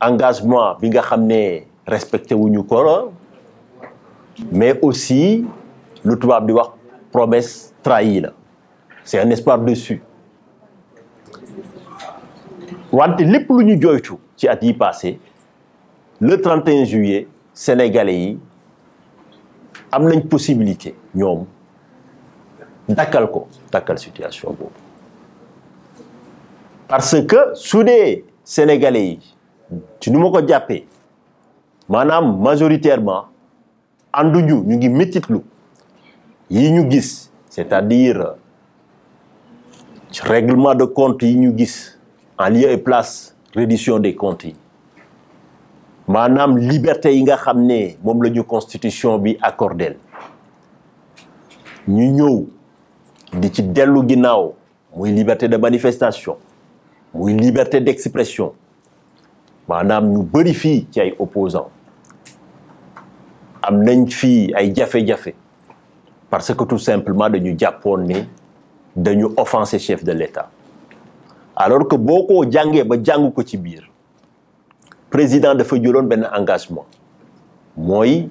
engagement bi nga xamné respecté hein. mais aussi le droit di wax promesse trahie c'est un espoir dessus wanti lepp luñu joytu ci at yi passé le 31 juillet sénégalais yi am nañ possibilité ñom dakal ko dakal situation parce que soudé sénégalais ci nu ma ko jàppee maanaam majoritairement ànduñu ñu ngi métitlu yi ñu gis c'est-à-dire règlement de compte yi ñu gis en lieu et place reddition des comptes yi maanaam liberté yi nga xam ne moom constitution bi accordel ñu ñëw di ci dellu ginnaaw muy liberté de manifestation muy liberté d'expression manam ñu bëri fii ci ay opposants am nañ fii ay jafé jafé parce que tout simplement dañu jàppoon de dañu offenser chef de l'État alors que boko jangé ba jàng ko ci bir président dafa jëloon ben engagement moy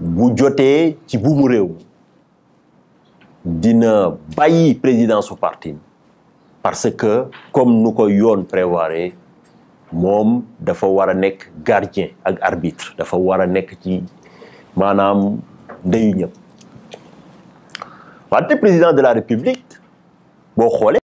bu joté ci buumu réew mi dina bàyyi président su parti parce que comme nous ko yone prévoiré moom dafa war a nekk gardien ak arbitre dafa war a nekk ci maanaam ndeyu ñëpp wante président de la république boo xoolee